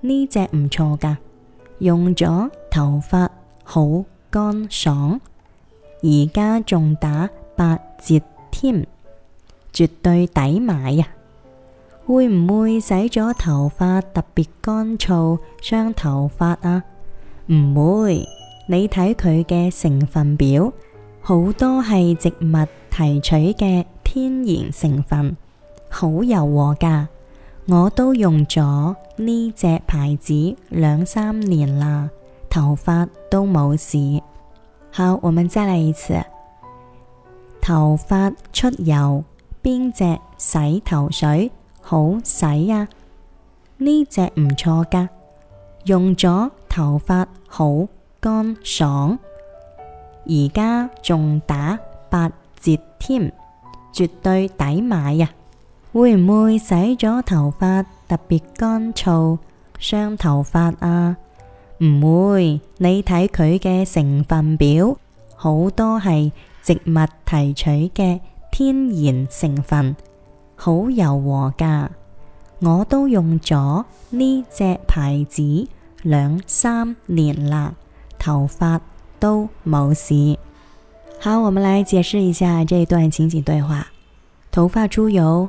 呢隻唔錯噶，用咗頭髮好乾爽，而家仲打八折添，絕對抵買呀！會唔會洗咗頭髮特別乾燥，傷頭髮啊？唔會，你睇佢嘅成分表，好多係植物提取嘅天然成分，好柔和噶，我都用咗。呢隻牌子兩三年啦，頭髮都冇事。好，我們再來一次。頭髮出油，邊隻洗頭水好使啊？呢隻唔錯噶，用咗頭髮好乾爽，而家仲打八折添，絕對抵買啊！會唔會洗咗頭髮特別乾燥，傷頭髮啊？唔會，你睇佢嘅成分表，好多係植物提取嘅天然成分，好柔和噶。我都用咗呢隻牌子兩三年啦，頭髮都冇事。好，我們來解釋一下這段情景對話：頭髮出油。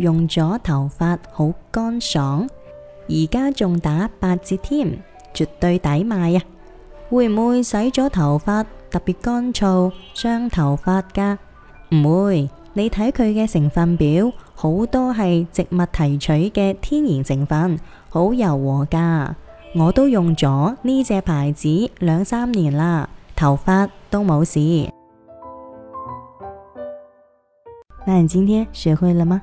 用咗頭髮好乾爽，而家仲打八折添，絕對抵買啊！會唔會洗咗頭髮特別乾燥傷頭髮噶？唔會，你睇佢嘅成分表，好多係植物提取嘅天然成分，好柔和噶。我都用咗呢隻牌子兩三年啦，頭髮都冇事。那你今天學會了嗎？